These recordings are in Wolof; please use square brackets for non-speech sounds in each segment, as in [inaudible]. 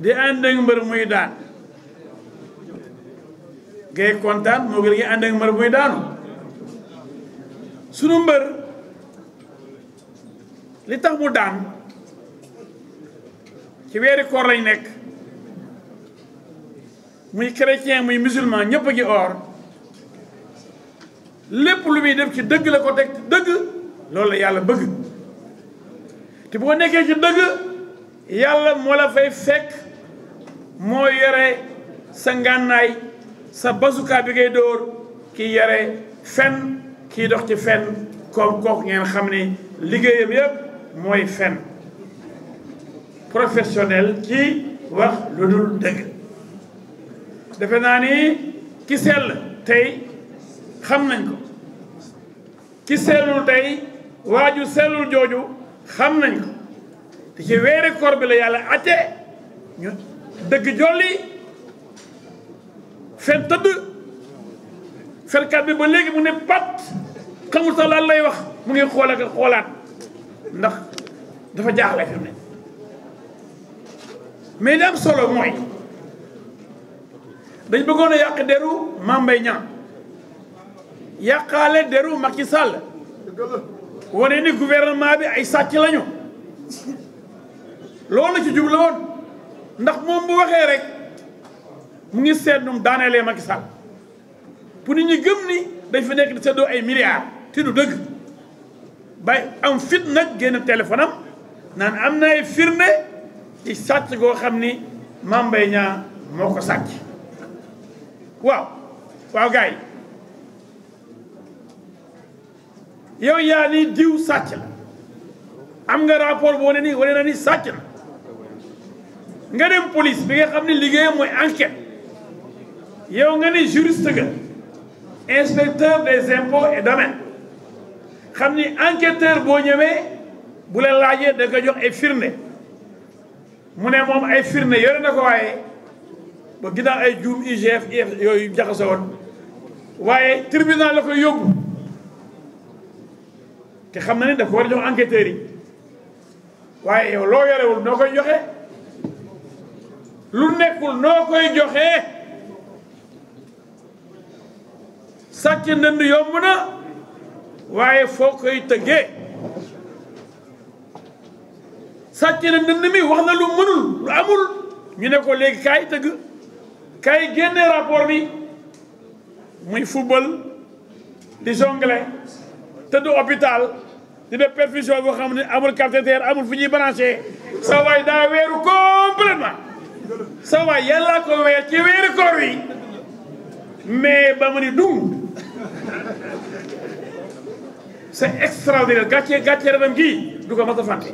di ànd ak mbër muy daan ngay kontaan moo gën ngay ànd ak mbër muy daanu sunu mbër li tax mu daan ci weeri koor lañ nekk muy chrétien muy musulman ñëpp a ngi lépp lu muy def ci dëgg la ko teg ci dëgg loolu la yàlla bëgg te bu ko nekkee ci dëgg yàlla moo la fay fekk moo yore sa ngànnaay sa basuka bi ngay dóor kii yore fen kii dox ci fen comme kooku ngeen xam ne liggéeyam yëpp mooy fen professionnel ci wax lu dul dëgg defe naa ni ki sell tey xam nañ ko ki sellul tey waaju sellul jooju xam nañ te ci weeri koor bi la yàlla atte ñu dëgg jolli fen tëdd fenkat bi ba léegi mu ne pat xamul sax lan lay wax mu ngi xool ak xoolaat ndax dafa jaaxle fi mu ne mais am solo mooy dañ bëggoon a yàq deru Mame Mbaye Niang yàqaale deru Macky Sall wane ni gouvernement bi ay sàcc lañu loolu la ci jublu woon ndax moom bu waxee rek mu ngi seet nu mu daaneelee Macky pour nit ñu gëm ni dañ fi nekk di seddoo ay milliards te du dëgg bay am fit nag génn téléphone am naan am na ay firnde ci sàcc goo xam ni Mame Mbaye Niang moo ko sàcc waaw waaw gars yi yow yaa ni diw sàcc la am nga rapport boo ne ni wane na ni sàcc la nga dem police bi nga xam ne liggéeyam mooy enquête yow nga ne juriste nga inspecteur des impôts et domaines xam ni enquêteur boo ñëwee bu la laajee da nga jox ay firnde mu ne moom ay firnde yore na ko waaye ba ginnaaw ay juum IGF IF yooyu jaxasoo woon waaye tribunal la koy yóbbu te xam na ne daf ko war a jox enquêteurs yi waaye yow loo yorewul noo koy joxe. lu nekkul noo koy joxee sàcc ndënd yomb na waaye foo koy tëggee sàcc na ndënd mi wax na lu mënul lu amul ñu ne ko léegi kaay tëgg kaay génne rapport bi muy football di jongle tëdd hôpital di def perfusion boo xam ne amul cathéter amul fu ñuy branché sa waay daa weeru complètement sa waay yàlla ko weer ci weeri koor wi mais ba mu ni dung c'est extraordinaire gàcce gàcce ranam gii du ko mas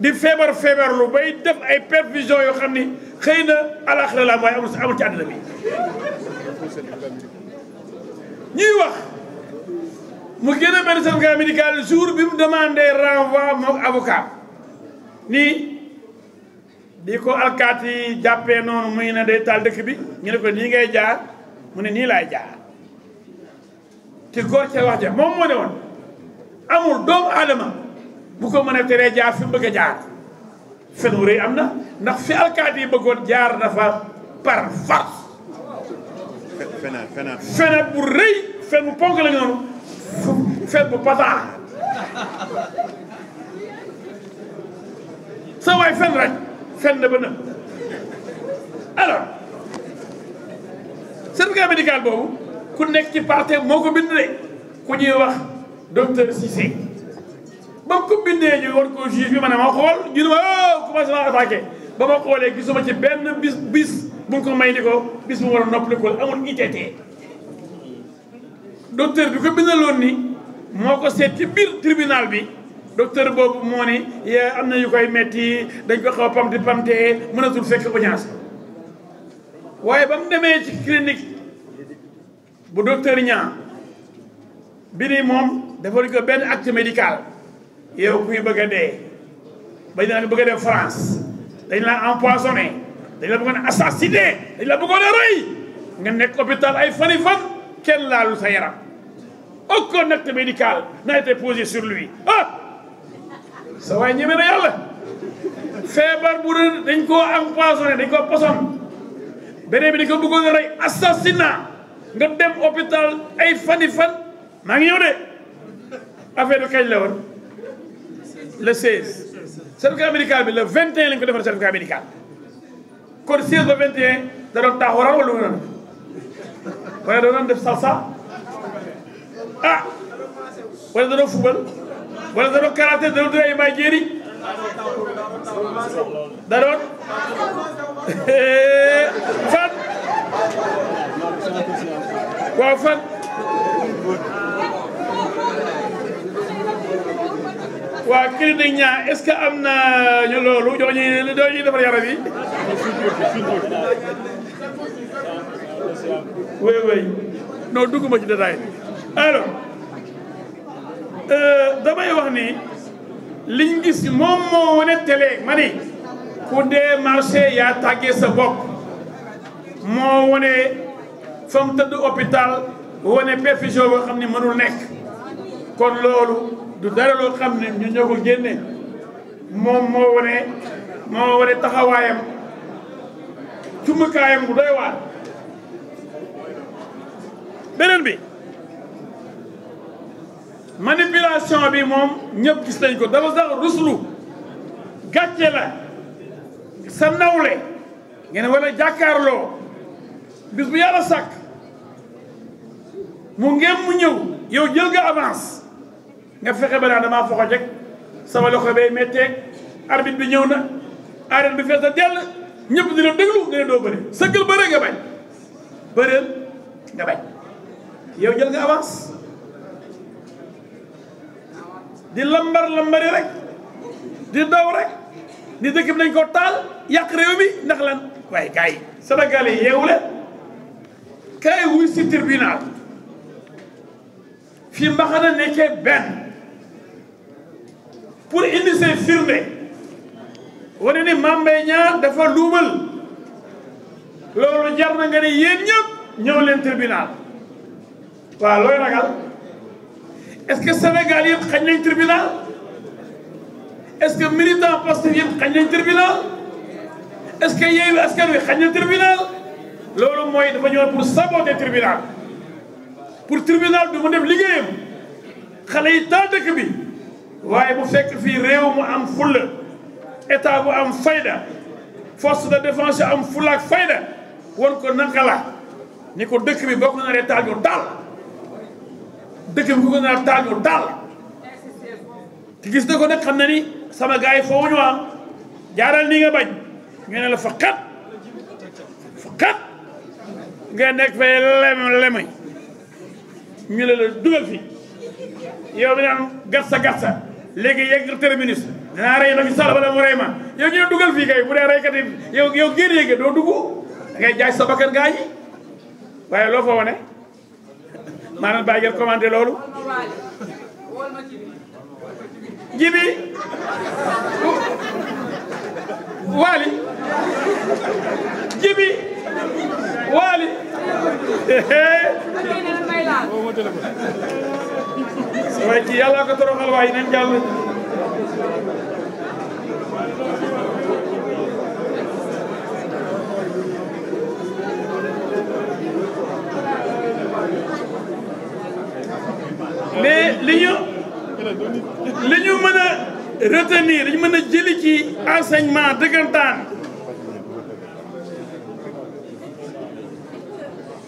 di feebar feebarlu bay def ay perfusion yoo xam ni xëy na alaxira la mooy amul amul ci àddina bi ñuy wax mu génne benn certificat médical jour bi mu demandé renvoi moom avocat nii bi ko alkaati yi jàppee noonu muy ne day taal dëkk bi ñu ne ko nii ngay jaar mu ne nii laay jaar te góor ca wax ja moom moo ne woon amul doomu aadama bu ko mën tere teree jaar fi mu a jaar fen wu rëy am na ndax fi alkaati yi bëggoon jaar dafa par force fena fena fena bu rëy fen bu ponk la noonu fen bu pataa sa fen rek fenn ba nëb alors certificat boobu ku nekk ci parti moo ko bind de ku ñuy wax docteur Cissé ba ko bindee ñu war ko juge bi ma ne ma xool ñu ne ma oh commencé naa attaqué ba ma xoolee gisuma ci benn bis bis bu ko may ni ko bis bu war a noppali ko amul ITT docteur bi ko bindaloon ni moo ko seet ci biir tribunal bi. docteur boobu moo ni yaa am na yu koy metti dañ ko xaw pamti pamte mënatul fekk audience waaye ba mu demee ci clinique bu docteur ñaa bi ni moom defal ko benn acte médical yow kuy bëgg a dee bañ naa bëgg a dee France dañ la empoisonné dañ la bëggoon assassiné dañ la bëggoon a rey nga nekk hôpital ay fani fan kenn laalu sa yaram aucun acte médical n'a été posé sur lui ah sa waay ñeme na yàlla feebar bu rëy dañ koo empoisonné dañ koo poson beneen bi dañ ko bëggoon a rey nga dem hôpital ay fani fan maa ngi ñëw de affaire bi kañ la woon le 16. certificat médical bi le 21 lañ ko defar certificat médical kon 16 ba 21 da doon taax waral wala lu mu wala da doon def salsa ah wala da doon fubal. wala da doon karaté da doon dóor ay may jéeri da ñaa est-ce am na ñu loolu jox ñu defar yaram yi oui oui dugguma ci détail alors Euh, damay wax ni liñ gis moom moo wane télé ma ni ku dee marché yaa tàggee sa bopp moo wane fa mu tëdd hôpital wane perfusion boo xam ne mënul nekk kon loolu du dara loo xam ne ñu ñoo ko génne moom moo wane moo wane taxawaayam jumtukaayam bu doy waar beneen bi manipulation bi moom ñëpp gis nañ ko dama sax ruslu gàcce la sa nawle ngeen war a jàkkaarloo bis bu yàlla sàkk mu ngeen mu ñëw yow jël nga avance nga fexe ba naa damaa foxo jeg sama loxo bay métteeg arbitre bi ñëw na arène bi fees na dell ñëpp di la déglu nga ne doo bëri sëggal bëre nga bañ bëreel nga bañ yow jël nga avance di lambar lambari rek di daw rek ni dëkk bi nañ ko taal yàq réew mi ndax lan waaye gars yi sénégalais yeewu leen kay wuy si tribunal fii mbaxana nekkee benn pour indi seen firnde wane ni Mame Mbaye Niang dafa luumal loolu jar na nga ne yéen ñëpp ñëw leen tribunal waaw looy ragal est-ce que Sénégal yëpp xañ nañ tribunal est-ce que militant Pastef yëpp xañ nañ tribunal est-ce que Yewwi Askan Wi xañ na tribunal loolu mooy dafa ñëw pour saboter tribunal pour tribunal du mu def liggéeyam xale yi taal dëkk bi waaye bu fekk fii réew mu am fulla état bu am fayda force de défense am fulla fayda won ko naka la ko dëkk bi bokk na ne taal ñu taal dëkk bi ku ko nar taal gis na ko nag xam na ni sama gars yi foofu ñu am jaaral nii nga bañ ñu ne la fa kat fa kat nga nekk fay lem lemay ñu ne la dugal fi yow bi naan gatsa gatsa léegi yegg terminus dinaa rey na fi sala wala mu rey ma yow ñu ne dugal fii kay bu dee reykat yi yow yow génnee nga doo dugg da ngay jaay sa bakkan gaa waaye loo fa wane maanaam Baye Diop commandé loolu. jibi waali jibi waali waaye ci yàlla ko toroxal waaye nañ jàll mais li ñu li ñu mën a retenir li ñu mën a jëli ci enseignement dëggantaan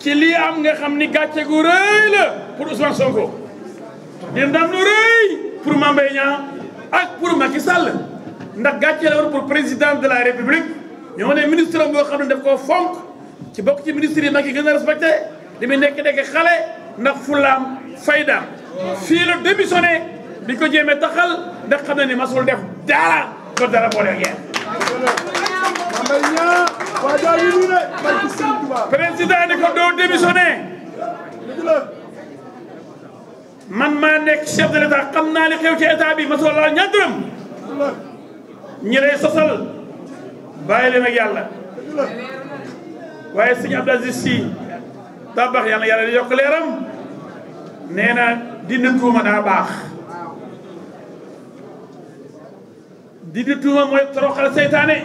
ci lii am nga xam ni gàcce gu rëy la pour Ousmane Sonko di ndam lu rëy pour Mame Mbaye Niang ak pour Macky ndax gàccee la war pour président de la république ñoo ne ministre am boo xam ne daf koo fonk ci bokk ci ministre yi Macky gën a respecté li muy nekk nekk xale ndax fulaam faydaam fii la démissionné di ko jéem a taxal ndax xam na ni masul def dara ba dara boole ak yéen. président ko doo démissionné man maa nekk chef de l' état xam naa li xew ci état bi masul laal ñaar dërëm ñi lay sosal bàyyi waaye sëñ Abdou Aziz Sy tabax yàlla yàlla di yokk leeram dindi tuuma daa baax dindi tuuma mooy toroxal seytaane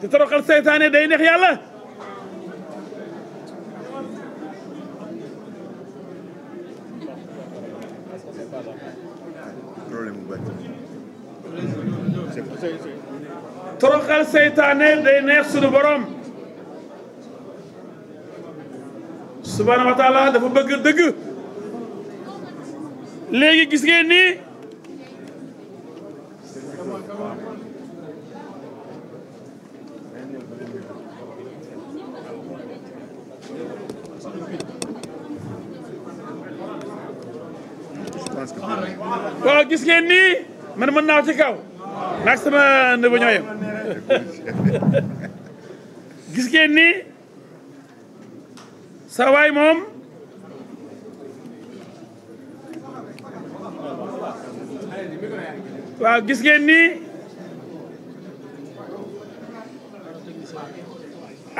te toroxal seytaane day neex yàlla toroxal seytaane day neex sunu borom subhaanahu wa taala dafa bëgg dëgg léegi gis ngeen ni waaw gis ngeen ni mën naaw ci kaw maag sama neveu ñoo [laughs] gis ngeen ni sa waaw gis ngeen ni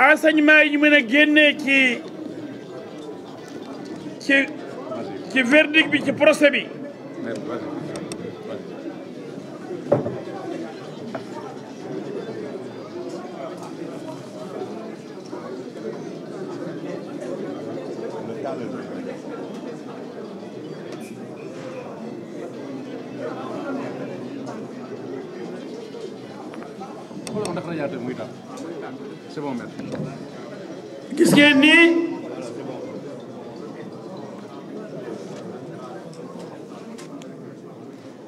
enseignement yi ñu mën a génnee ci ci ci verdict bi ci procès bi gis ngeen ni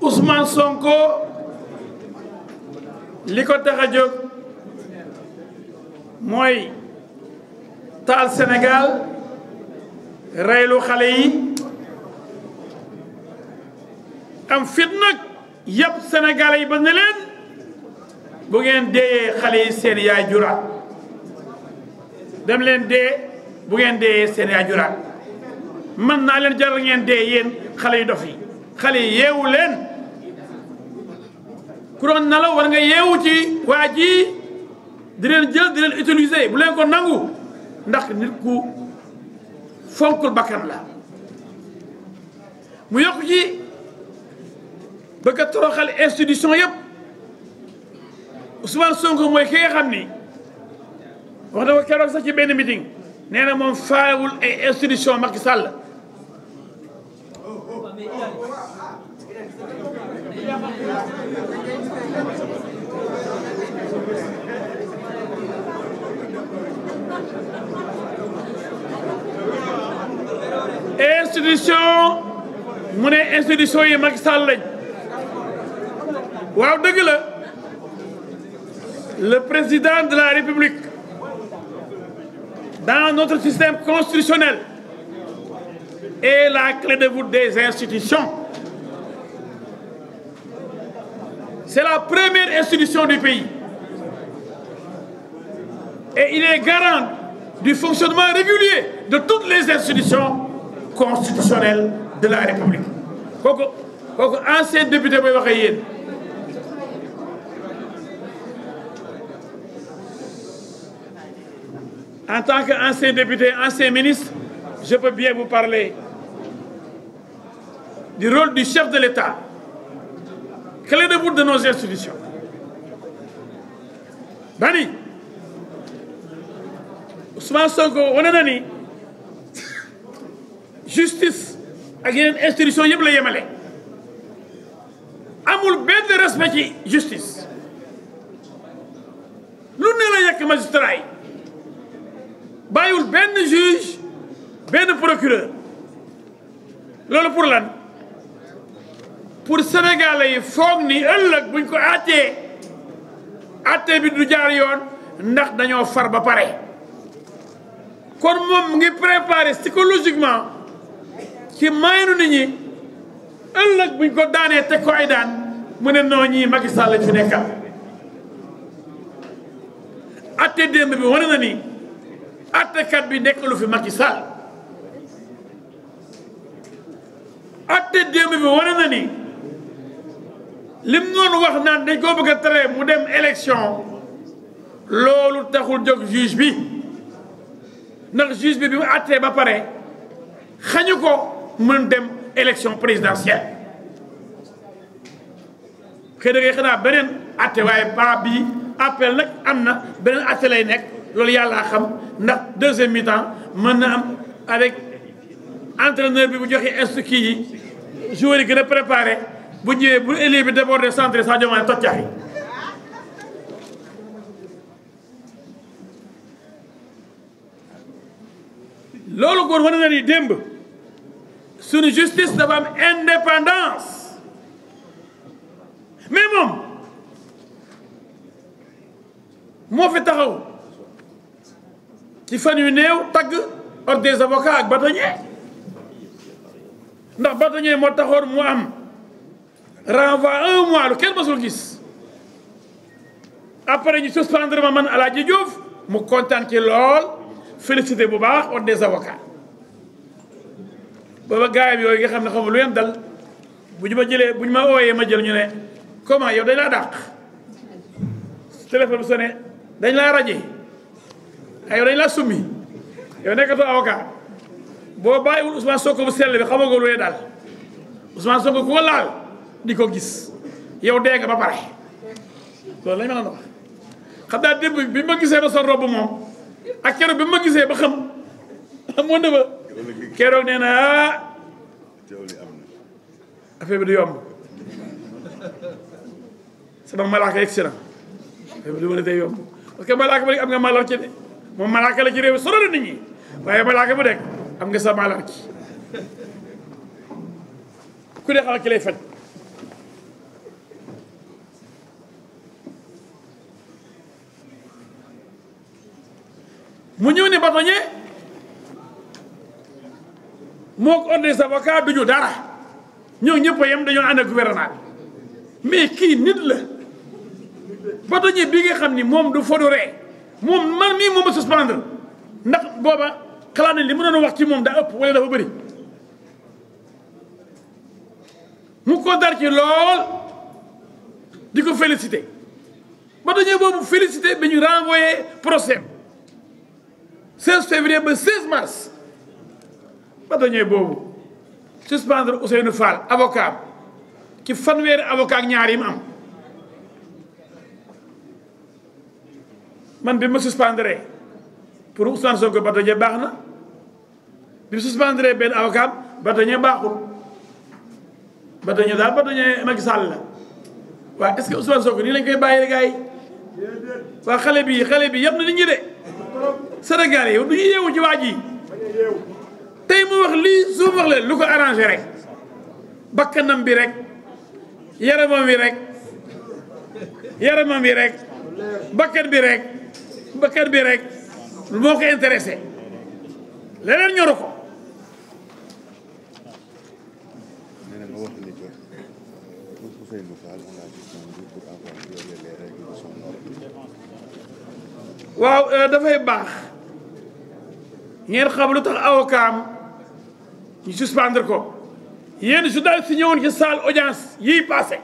Ousmane Sonko li ko tax a jóg mooy taal Sénégal reylu xale yi am fit nag yëpp Sénégalais leen bu ngeen deeyee xale yi seen yaay juraat dem leen dee bu ngeen deeyee seen yaay juraat man naa leen jaral ngeen dee yéen xale yu dof yi xale yi yeewu leen ku doon nalaw war nga yeewu ci waa ji di leen jël di leen utiliser bu leen ko nangu ndax nit ku fonkul bakkan la mu yokk ci bëgg a toroxal institution yëpp Ousmane Sonko mooy ki nga ni wax na ko keroog sax ci benn meeting nee na moom faalewul ay institution Macky Sall institution mu ne institution yi Macky Sall le président de la République, dans notre système constitutionnel, est la clé de voûte des institutions. C'est la première institution du pays. Et il est garant du fonctionnement régulier de toutes les institutions constitutionnelles de la République. kooku kooku ancien député booy waxee yéen En tant que qu'ancien député, ancien ministre, je peux bien vous parler du rôle du chef de l'État, clé de voûte de nos institutions. Dani, Ousmane Sonko wane na ni justice ak yeneen institution yëpp la yemale amul benn respect ci justice lu ne la yàq magistrat bàyyiwul benn juge benn procureur loolu pour lan pour sénégalais yi foog ni ëllëg buñ ko àttee àttee bi du jaar yoon ndax dañoo far ba pare kon moom ngi préparé psychologiquement ci maynu nit ñi ëllëg buñ ko daanee teg ko ay daan mu ne noo ñii Macky Sall lañ fi nekkal àttee démb bi wane na ni attekat bi nekkalu fi Macky Sall atte démb bi wane na ni lim noonu wax naan dañ koo bëgg tere mu dem élection loolu taxul jóg juge bi ndax juge bi bi mu attee ba pare xañu ko mën dem élection présidentielle xëy na xanaa beneen atte waaye ba bi appel nag am na beneen atte lay nekk loolu yàllaa xam ndax deuxième mi-temps mën na am avec entraîneur bi bu joxe instu kii yi joueurs yi gën bu ñëwee bu élié bi débordé centre Sadio Mané toj cax yi loolu góor wane na ni démb suñu justice dafa am indépendance mais moom moo fi taxaw ci fan yu new tagg ordre des avocats ak bâtonnier ndax bâtonnier moo taxoon mu am renvoi un mois lu kenn masul gis après ñu suspendre ma man Alaaji Diouf mu kontaan ci lool félicité bu baax ordre des avocats booba gaayam yooyu nga xam ne xamul lu leen dal bu ñu ma jëlee bu ñu ma ooyee ma jël ñu ne comment yow dañ laa dàq téléphone bu sonné dañ laa rajee ay yow dañ laa summi yow nekkatoo avocat boo bàyyiwul Ousmane Sonko bu sell bi xamoo ko lu daal Ousmane Sonko ku ko laal gis yow dee nga ba pare loolu lañ ma doon wax. xam bi ma gisee ba moom ak bi ma gisee ba xam ba keroog nee na ah, du yomb sama malaaka yegg si na du mën a yomb parce que malaaka ba am nga malor ci moom malaaka la ci réew sorole nit ñi waaye malaaka bu nekk am nga sa malarki ku ne xala ki lay faj mu ñëw ne batoñe moo ko ordre des avocats du ñu dara ñëw ñëpp a yem dañoo ànd ak gouvernement mais kii nit la batoñe bi nga xam ni moom du fodoree moom man mii moom ma ndax booba xalaat nañ li mu doon wax ci moom daa ëpp wala dafa bëri mu ko dar ci lool di ko félicité ba dañoo boobu félicité bi ñu renvoyé procès 16 février ba 16 mars ba dañoo boobu suspendre Ousseynou Fall avocat ci fanweeri avocat ak ñaar yi am man bi ma suspendre pour Ousmane Sonko bâtonnier baax na bi suspendre benn avocat bâtonnier baaxul bâtonnier daal bâtonnier Macky Sall la waaw est que Ousmane Sonko nii lañ koy bàyyi rek gars yi waa xale bi xale bi yëpp na nit ñi de Sénégal yi du ñu yeewu ci waa ji tey mu wax lii su wax leen lu ko arrangé rek bakkanam bi rek yaramam bi rek yaramam bi rek bakkan bi rek. mbëkkat bi rek lu moo ko intéressé leneen ñoru ko waaw euh, dafay baax ngeen xam lu tax awokaam ñu suspendre ko yéen journaliste yi ñëwoon ci salle audience yii passé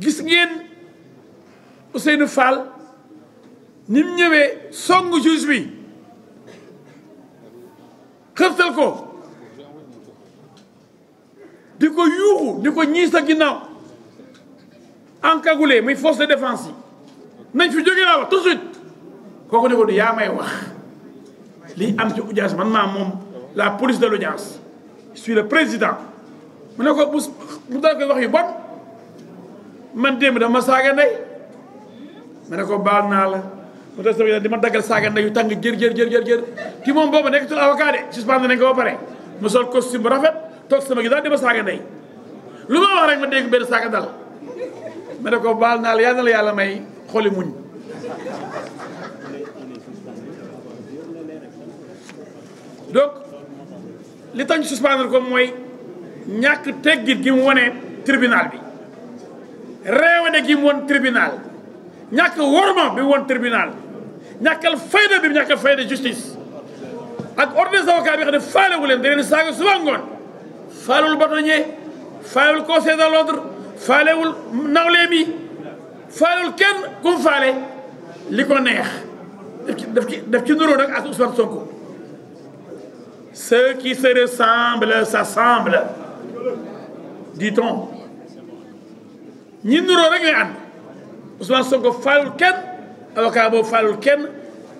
gis ngeen Ousseynou Fall ni mu ñëwee song juge bi xëftal ko di ko yuuxu di ko ñii sa ginnaaw encagoulé muy force de défense yi nañ fi jóge laa wax tout kooku ne ko du yaa may wax li am ci audience man maa moom la police de l'audience je suis le président mu ne ko bu dal koy wax yu bon man démb dama saaga ndey ma ne ko baal naa la mu des sama di ma daggal saaga ndeyu tàng jër jër jër jër moom boobu nekkatul avocat de suspendé nañ ko ba pare mu sol costume bu rafet toog sama gi daal di ma saaga lu ma wax rek ma dégg benn saaga dal ma ne ko baal naa la yal na la yàlla may xoli muñ donc li tax ñu ko mooy ñàkk teggit gi mu wone tribunal bi réewane gi mu won tribunal ñàkk worma bi woon tribunal ñàkkal fayda bi ñàkkal fayda justice ak ordre des avocats bi xam ne faalewu leen da leen saaga suba ngoon faalewul bâtonnier faalewul conseil de l'ordre faalewul nawleem yi faalewul kenn kum faale li ko neex def ci def ci def ci nuróo nag ak Ousmane Sonko ceux qui se ressemblent s'assemblent dit ñi nuróo rek ñooy ànd Ousmane Sonko faalul kenn avocat boobu faalul kenn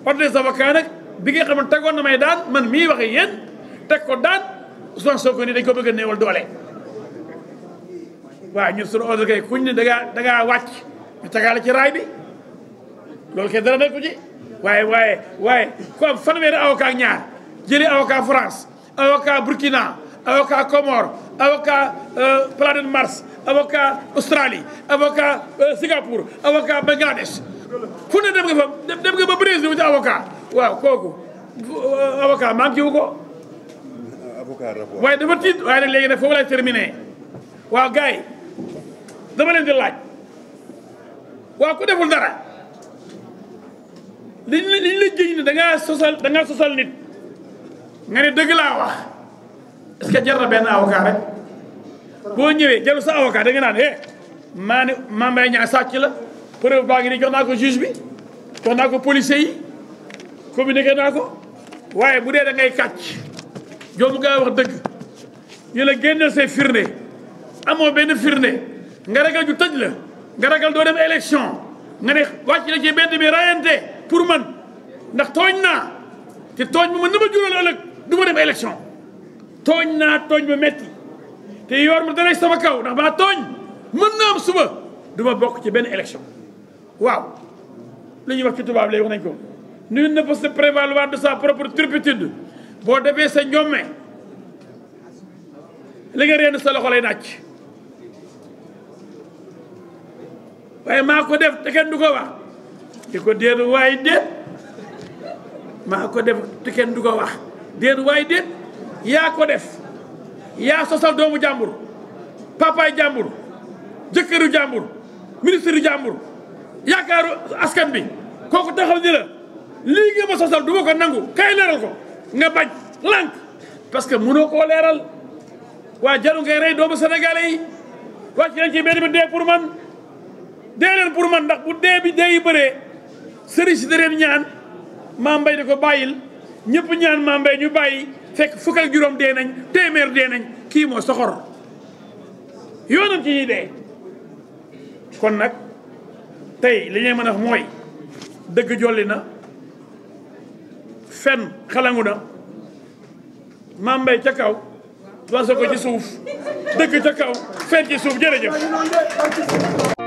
ordre des avocats nag bi nga xam ne tegoon na may daan man mii waxe yéen teg ko daan Ousmane Sonko nii dañ ko bëgg a néewal doole. waaw ñun suñu ordre kay kuñ ne da ngaa wàcc ñu tegaale ci raay bi loolu kay dara nekku ci waaye waaye waaye ku am fanweeri avocat ñaar jëli avocat France avocat Burkina avocat Comore avocat euh, Plan de Mars avocat Australie avocat euh, Singapour avocat Bangladesh fu dem nga fa dem nga ba Brésil wuti avocat waaw kooku euh, avocat manqué wu ko. avocat rapport waaye dafa tiit waaye nag léegi nag foofu laay terminé waaw gars yi leen di laaj waaw ku deful dara liñ la liñ la jëñ ne sosal da sosal nit nga ne dëgg laa wax est-ce na benn rek. boo ñëwee jëlu sa avocat da nga naan eh maa ne Mame sàcc la preuve baa ngi nii jox naa ko juge bi jox naa ko policier yi communiqué naa ko waaye bu dee da ngay kàcc joomu ngaa wax dëgg ñu la génneel amoo benn firnde nga ragal ju tëj la nga ragal dem élection nga ne wàcc na ci benn bi rayante pour man ndax tooñ naa te tooñ bi mën na ma ëllëg du ma dem élection tooñ naa tooñ ba metti te yoor mu dalay sama kaw ndax maa tooñ mën naa am suba du bokk ci benn élection waaw li ñuy wax ci tubaab léegi wax nañ ko nul ne peut se prévaloir de sa propre turpitude boo defee sa ñomme li nga reen sa loxo lay nàcc waaye maa ko def te kenn du ko wax di ko déet waay déet maa ko def te kenn du ko wax déet waay déet yaa ko def yaa sosal doomu jàmbur papaay jàmbur jëkkëru jàmbur ministre yu jàmbur yaakaaru bi kooku taxaw ni la lii sosal du ko nangu kay leeral ko nga bañ lànk parce que mënoo koo leeral waa jaru ngay rey doomu sénégalais waa ci lañ ci benn bi dee pour man dee leen pour man ndax bu dee bi dee yi bëree sëriñ si da ñaan maa mbay di ko bàyyil ñëpp ñaan maa ñu bàyyi fekk fukk juróom dee nañ téeméer dee nañ kii moo soxor yoonam ci ñuy kon nag tey li ñuy mën a mooy dëgg jolli na fen xalangu na maam mbay ca kaw waso ko ci suuf dëgg ca kaw fen ci suuf jërëjëf